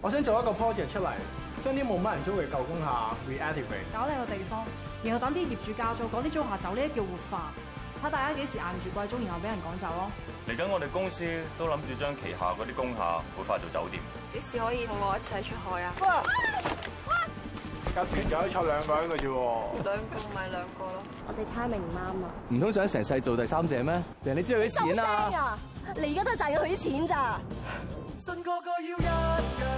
我想做一個 project 出嚟，將啲冇乜人租嘅舊工廈 reactivate，搞呢個地方，然後等啲業主加租，講啲租客走呢叫活化。睇大家幾時硬住貴租，然後俾人趕走咯。嚟緊我哋公司都諗住將旗下嗰啲工廈活化做酒店。幾時可以同我一齊出海啊？哇！隔斷就可以拆兩份嘅啫。兩份咪兩個咯，我哋 timing 唔啱啊。唔通、就是、 想成世做第三者咩？人哋知道啲錢啊？啊！你,你而家都係賺佢啲錢咋？信個個要人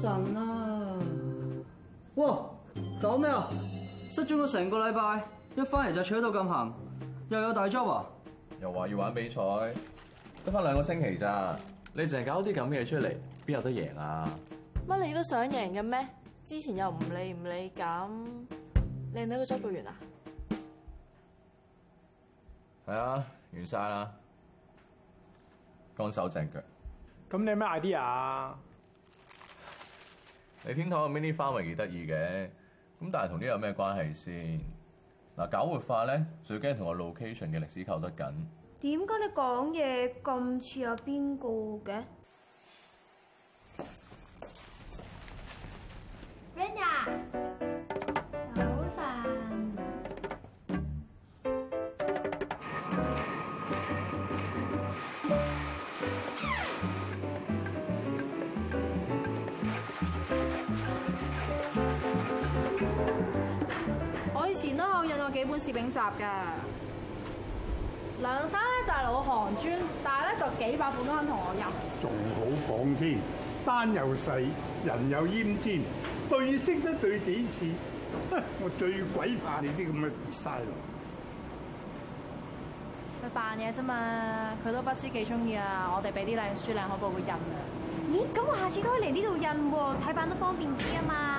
神啊！哇，搞咩啊？失蹤咗成個禮拜，一翻嚟，就扯到咁行，又有大 job 啊！又話要玩比賽，得翻兩個星期咋？你淨係搞啲咁嘅嘢出嚟，邊有得贏啊？乜你都想贏嘅咩？之前又唔理唔理咁，靚女嘅 job 做完啦？係啊，完晒啦，乾手淨腳。咁你有咩 idea 啊？你天堂入面啲花係幾得意嘅，咁但係同呢有咩關係先？嗱，搞活化咧，最驚同個 location 嘅歷史扣得緊。點解你講嘢咁似阿邊個嘅？邊個？幾本攝影集噶，梁生咧就係老行專，但係咧就幾百本都肯同我印，仲好講添，單又細，人又奄尖，對色得對幾次，我最鬼怕你啲咁嘅別晒佬。佢扮嘢啫嘛，佢都不知幾中意啊！我哋俾啲靚書靚可報會印啊！咦，咁我下次都可以嚟呢度印喎，睇版都方便啲啊嘛。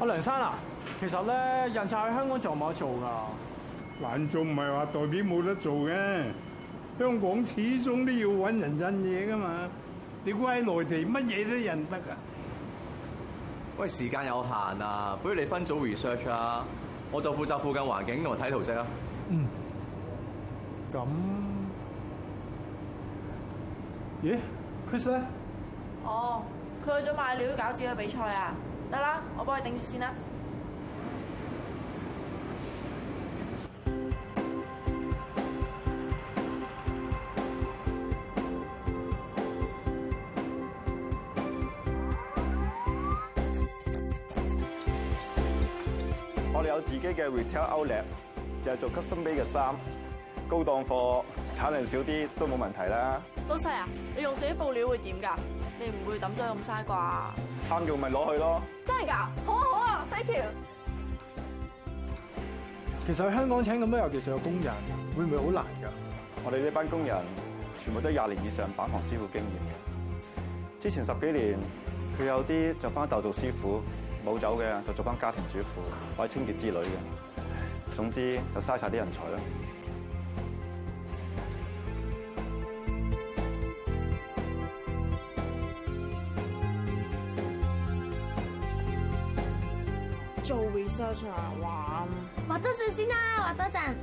阿梁生啊，其實咧，印刷喺香港做冇好做噶，難做唔係話代表冇得做嘅，香港始終都要揾人印嘢噶嘛。你估喺內地乜嘢都印得啊？喂，時間有限啊，不如你分組 research 啊，我就負責附近環境同埋睇圖則啊。嗯。咁？咦、欸，Chris 咧？哦，佢去咗買料餃子嘅比賽啊！得啦，我幫你頂住先啦。我哋有自己嘅 retail outlet，就係做 custom made 嘅衫，高檔貨產量少啲都冇問題啦。老細啊，你用自己布料會點㗎？你唔會抌咗咁嘥啩？翻用咪攞去咯！真係㗎，好啊好啊，thank you。其實喺香港請咁多尤其是有工人，會唔會好難㗎？我哋呢班工人全部都廿年以上板房師傅經驗嘅。之前十幾年佢有啲就翻豆做師傅冇走嘅，就做翻家庭主婦或者清潔之類嘅。總之就嘥晒啲人才啦。做 research、啊、哇，畫多陣先啦，畫多陣。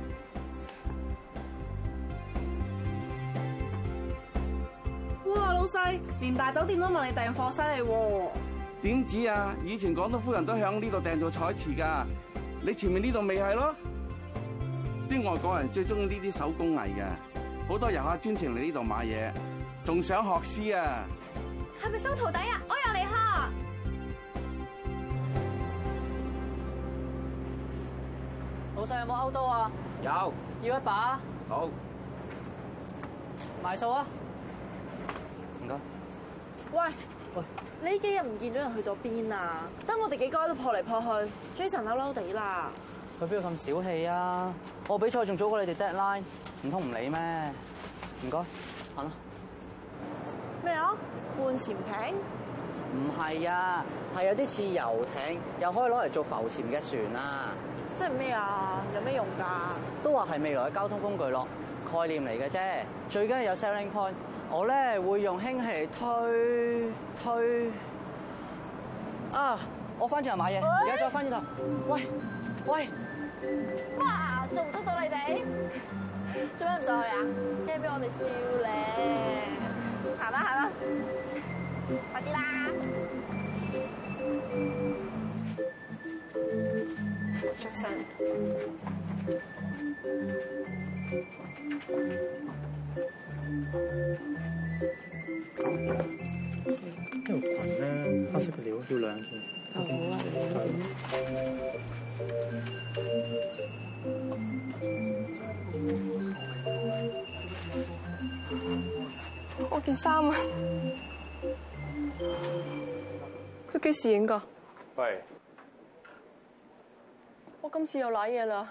哇，老細，連大酒店都問你訂貨犀利喎。點止啊？以前廣東夫人都響呢度訂做彩瓷噶，你前面呢度未係咯？啲外國人最中意呢啲手工藝嘅，好多遊客專程嚟呢度買嘢，仲想學師啊？係咪收徒弟啊？老細有冇鈎刀啊？有，要一把。好，埋數啊。唔該。喂喂，你呢幾日唔見咗人去咗邊啊？得我哋幾個都撲嚟撲去，Jason 嬲嬲地啦。佢邊度咁小氣啊？我比賽仲早過你哋 deadline，唔通唔理咩？唔該，行啦。咩啊？半潛艇？唔係啊，係有啲似游艇，又可以攞嚟做浮潛嘅船啊！即係咩啊？有咩用噶？都話係未來嘅交通工具咯，概念嚟嘅啫。最緊要有 selling point 我。我咧會用氫氣推推啊！我翻轉嚟買嘢，而家再翻呢度。喂喂，喂，哇！做唔捉到你哋？做咩唔在啊？驚俾我哋笑咧？行啦行啦，快啲啦！呢條裙呢，黑色嘅料要兩件。好啊，好啊。我件衫啊，佢幾時影噶？喂。我今次又攋嘢啦！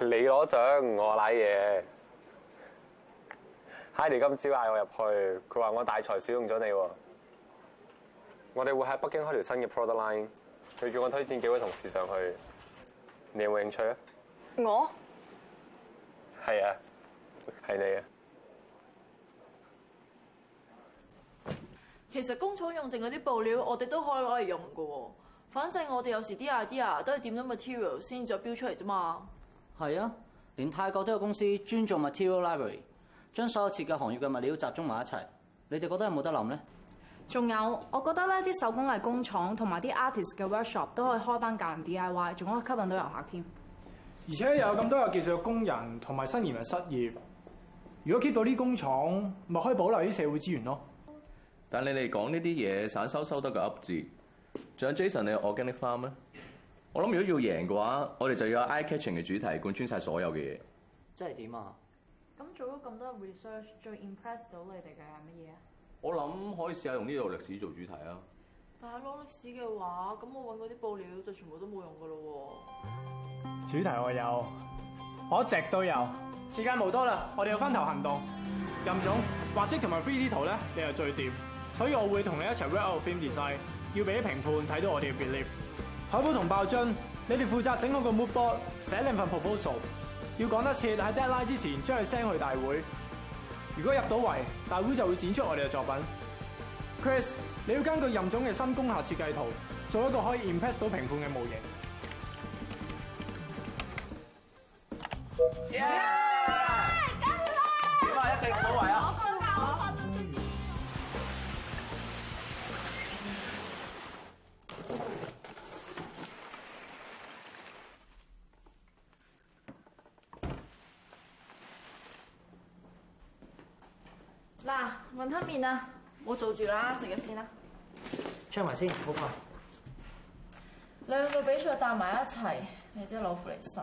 你攞獎，我攋嘢。Hidy 今朝嗌我入去，佢話我大材小用咗你。我哋會喺北京開條新嘅 product line，佢叫我推薦幾位同事上去。你有冇興趣？我？是啊，我係啊，係你啊。其實工廠用剩嗰啲布料，我哋都可以攞嚟用噶。反正我哋有時啲 idea 都係掂咗 material 先再標出嚟啫嘛。係啊，連泰國都有公司專做 material library，將所有設計行業嘅物料集中埋一齊。你哋覺得有冇得諗咧？仲有，我覺得咧啲手工藝工廠同埋啲 artist 嘅 workshop 都可以開班教人 DIY，仲可以吸引到遊客添。而且又有咁多有技術嘅工人同埋新移民失業，如果 keep 到啲工廠，咪可以保留啲社會資源咯。但你哋講呢啲嘢，省收收得個噏字。仲有 Jason，你有 organic farm 咩？我諗如果要贏嘅話，我哋就要有 eye-catching 嘅主題貫穿晒所有嘅嘢。即係點啊？咁做咗咁多 research，最 impress 到你哋嘅係乜嘢啊？我諗可以試下用呢度歷史做主題啊！但係攞歷史嘅話，咁我搵嗰啲布料就全部都冇用噶咯喎。主題我有，我一直都有。時間冇多啦，我哋要分頭行動。任總，畫者同埋 3D 圖咧，你又最掂，所以我會同你一齊 real film design。要俾評判睇到我哋嘅 belief。海波同爆樽，你哋負責整好個 mood board，寫兩份 proposal，要講得切喺 deadline 之前將佢 send 去大會。如果入到圍，大會就會展出我哋嘅作品。Chris，你要根據任總嘅新工廈設計圖，做一個可以 impress 到評判嘅模型。Yeah! 嗱，雲吞麵啊，我做住啦，食咗先啦，出埋先，好快。兩個比賽搭埋一齊，你真係攞苦嚟辛。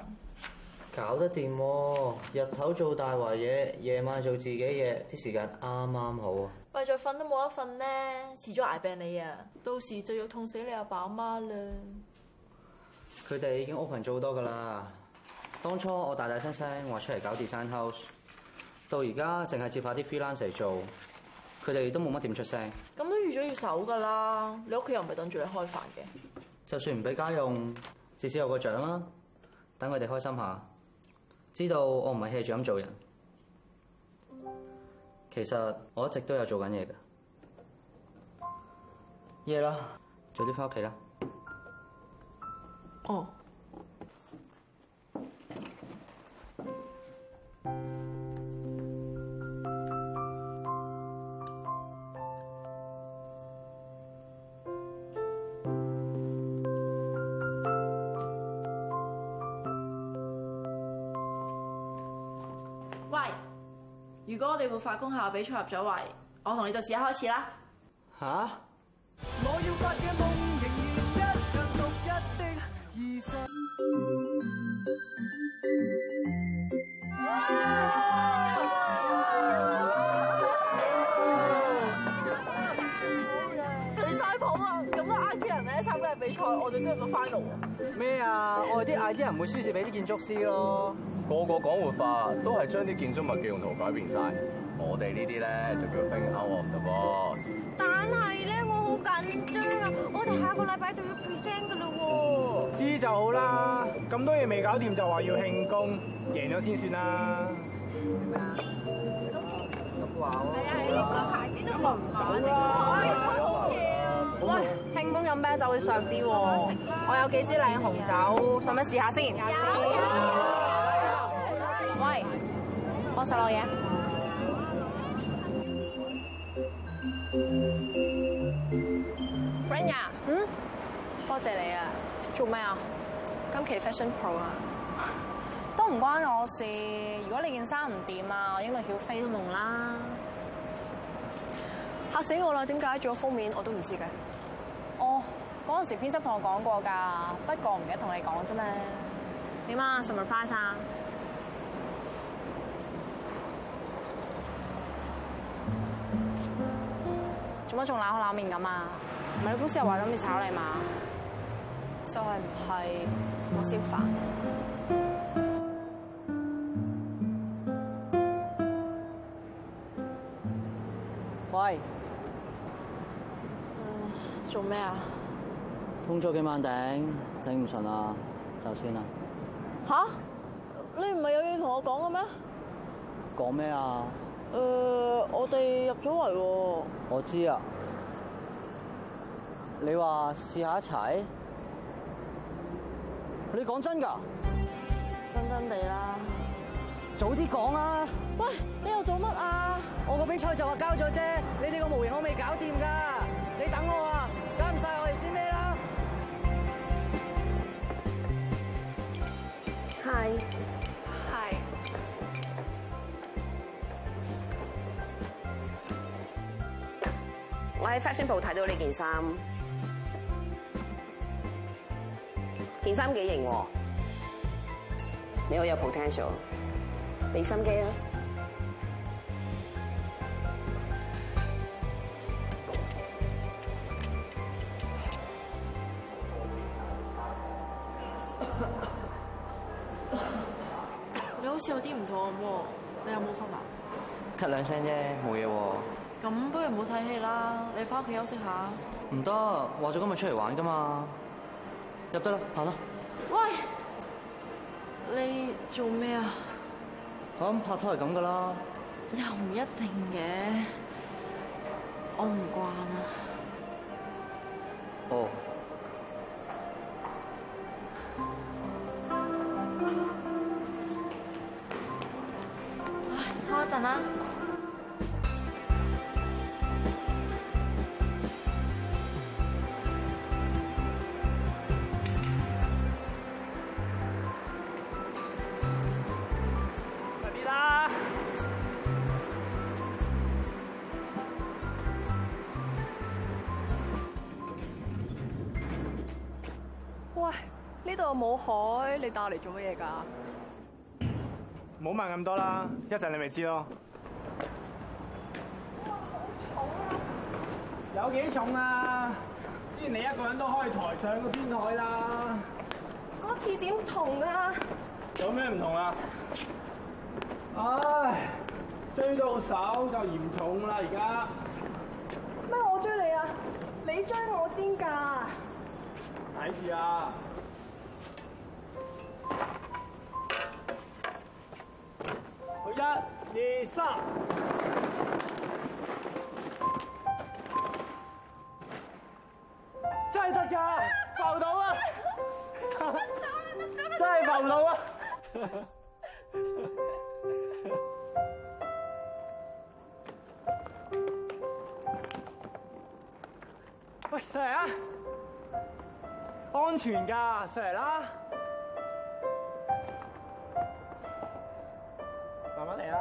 搞得掂喎，啊，日頭做大華嘢，夜晚做自己嘢，啲時間啱啱好啊。唔係瞓都冇得瞓咧，遲早捱病你啊，到時就要痛死你阿爸阿媽啦。佢哋已經屋企做好多噶啦，當初我大大聲聲話出嚟搞 design house。到而家淨係接下啲 freelancer 嚟做，佢哋都冇乜點出聲。咁都預咗要走噶啦，你屋企又唔係等住你開飯嘅。就算唔俾家用，至少有個獎啦，等佢哋開心下，知道我唔係 hea 住咁做人。其實我一直都有做緊嘢㗎，夜、嗯、啦，早啲翻屋企啦。哦。比賽入咗圍，我同你就試下開始啦。吓！你晒譜啊！咁都 I T 人咧參加比賽，我哋都要個 final。咩啊？我哋啲 I T 人唔會輸蝕俾啲建築師咯。個個講活化，都係將啲建築物嘅用途改變晒。我哋呢啲咧就叫冰口喎，唔得但係咧，我好緊張啊！我哋下個禮拜就要 present 噶喇喎。知就好啦，咁多嘢未搞掂就話要慶功，贏咗先算啦。咁話喎。係啊，什麼嗯哎呀哎、呀個牌子都攞唔到啊！啊哎、我啊喂，慶功飲啤酒會上啲喎、啊。我我有幾支靚紅酒，啊、想唔想試下先、嗯？有，啊有，啊有啊。喂，我食落嘢。Ranya，嗯，多謝你啊。做咩啊？今期 Fashion Pro 啊， 都唔關我事。如果你件衫唔掂啊，我應該叫飛都用啦。吓死我啦！點解做封面我都唔知嘅？哦，嗰陣時編輯同我講過噶，不過唔記得同你講啫咩？點啊？i 日花啊！做乜仲冷口冷面咁啊？唔係你公司又話諗住炒你嘛？就係唔係我先煩。喂，做咩啊？通咗幾晚頂，頂唔順啊，就算啦。吓？你唔係有嘢同我講嘅咩？講咩啊？呃，我哋入咗圍喎。我知啊。你話試下一齊？你講真噶？真真地啦，早啲講啊！喂，你又做乜啊？我個比賽就話交咗啫，你哋個模型我未搞掂噶，你等我啊，搞唔晒我哋先咩啦？係，係。我喺 fashion 部睇到呢件衫。件衫幾型喎？你好有 potential，俾心機啦。你好似有啲唔妥喎，你有冇咳啊？咳兩聲啫，冇嘢喎。咁不如唔好睇戲啦，你返屋企休息下。唔得，話咗今日出嚟玩噶嘛。入得啦，行啦！喂，你做咩啊？咁、嗯、拍拖係咁噶啦，又唔一定嘅，我唔慣啊。哦。唉，差陣啦。冇海，你帶我嚟做乜嘢噶？唔好問咁多啦，一陣你咪知咯。哇，好重啊！有幾重啊？之前你一個人都可以抬上個天台啦。嗰次點同啊？有咩唔同啊？唉，追到手就嚴重啦，而家。咩？我追你啊？你追我先噶。睇住啊！一、二、啊、三、啊啊，真係得噶，浮到啊！真係浮到啊！ 喂上 i 啊！安全的上 i 啦。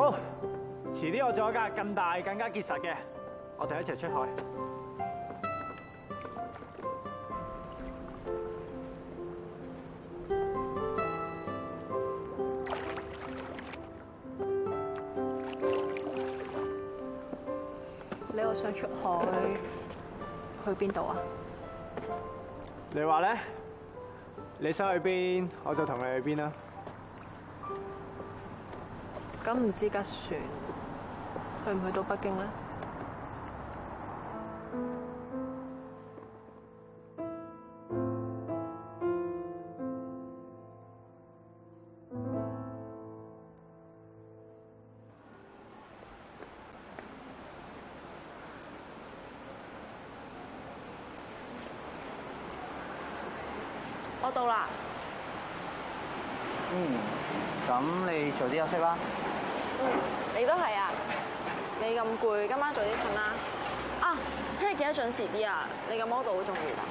好，遲啲我做一架更大、更加結實嘅，我哋一齊出海。你我想出海去邊度啊？你話咧，你想去邊，我就同你去邊啦。咁唔知架船去唔去到北京呢？我到啦。嗯，咁你早啲休息啦。你都係啊！你咁攰，今晚早啲瞓啦。啊，聽日記得準時啲啊！你個 model 好重要啊！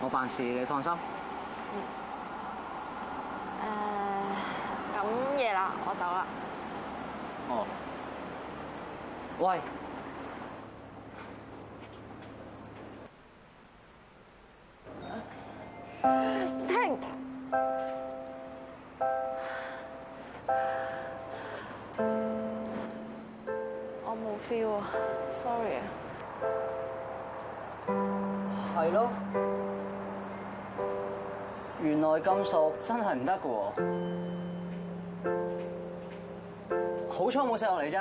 我辦事，你放心。嗯。誒，咁夜啦，我走啦。哦、oh。喂。 feel 啊，sorry 啊，係咯，原來金屬真係唔得㗎喎，好彩冇射落嚟啫，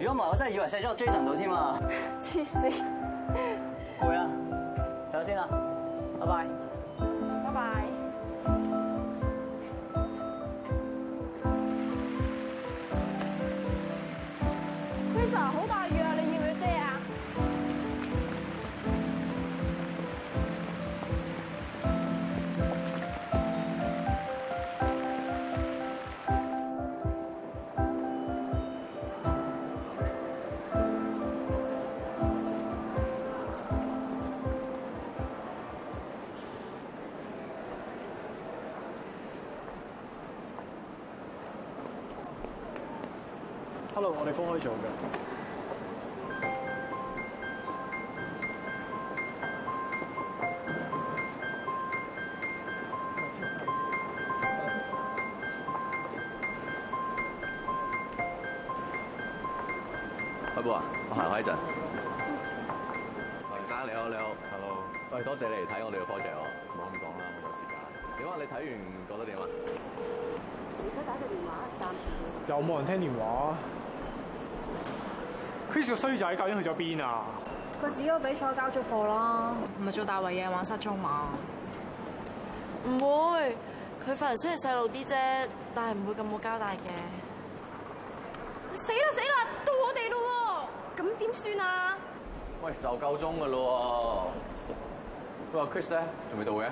如果唔係我真係以為射咗 Jason 度添啊，黐線，攰呀，走先啦，拜拜。Hello，我哋公開場嘅。阿波啊，我行開一陣。大、嗯、家你好，你好，hello。哎，多謝你嚟睇我哋嘅 project，唔好咁講啦，冇時間。點啊？你睇完覺得點啊？而家打個電話，暫時。又冇人聽電話。Chris 個衰仔，究竟去咗邊啊？佢自己個比賽交咗貨啦，唔係做大圍嘢玩失蹤嘛？唔會，佢份人雖然細路啲啫，但係唔會咁冇交帶嘅。死啦死啦！算啊？喂，就夠鐘噶咯。喂，Chris 咧，仲未到嘅？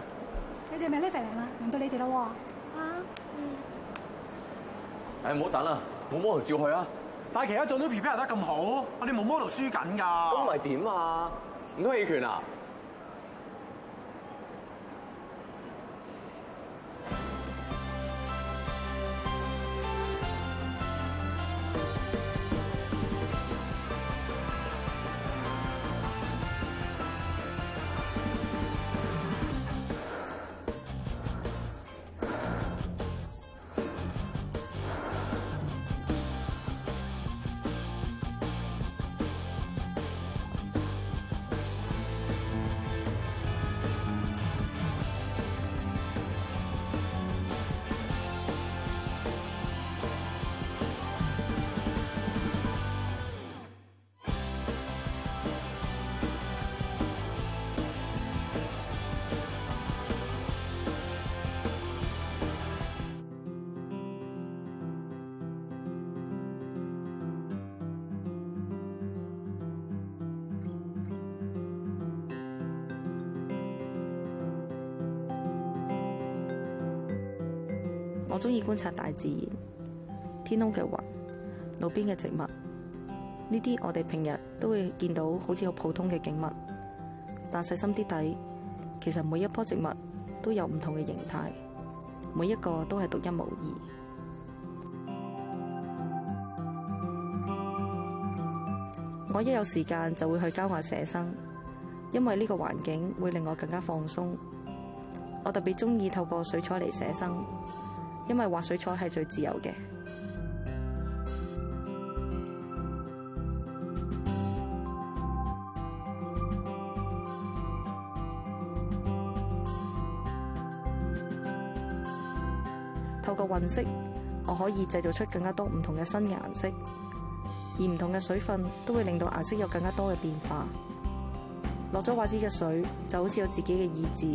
你哋咪 level 零輪到你哋咯。啊，嗯。哎，唔好等啦，冇 model 照去啊。但係，其他做到 P.P. 做得咁好，我哋冇 model 輸緊噶。都嚟點啊？唔通棄權啊？我中意觀察大自然，天空嘅雲，路邊嘅植物，呢啲我哋平日都會見到，好似好普通嘅景物。但細心啲睇，其實每一棵植物都有唔同嘅形態，每一個都係獨一無二。我一有時間就會去郊外寫生，因為呢個環境會令我更加放鬆。我特別中意透過水彩嚟寫生。因為畫水彩係最自由嘅。透過混色，我可以製造出更加多唔同嘅新嘅顏色，而唔同嘅水分都會令到顏色有更加多嘅變化。落咗畫紙嘅水就好似有自己嘅意志，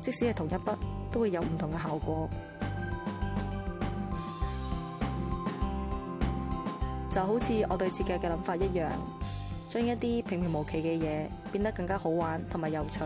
即使係同一筆，都會有唔同嘅效果。就好似我對設計嘅諗法一樣，將一啲平平無奇嘅嘢變得更加好玩同埋有趣。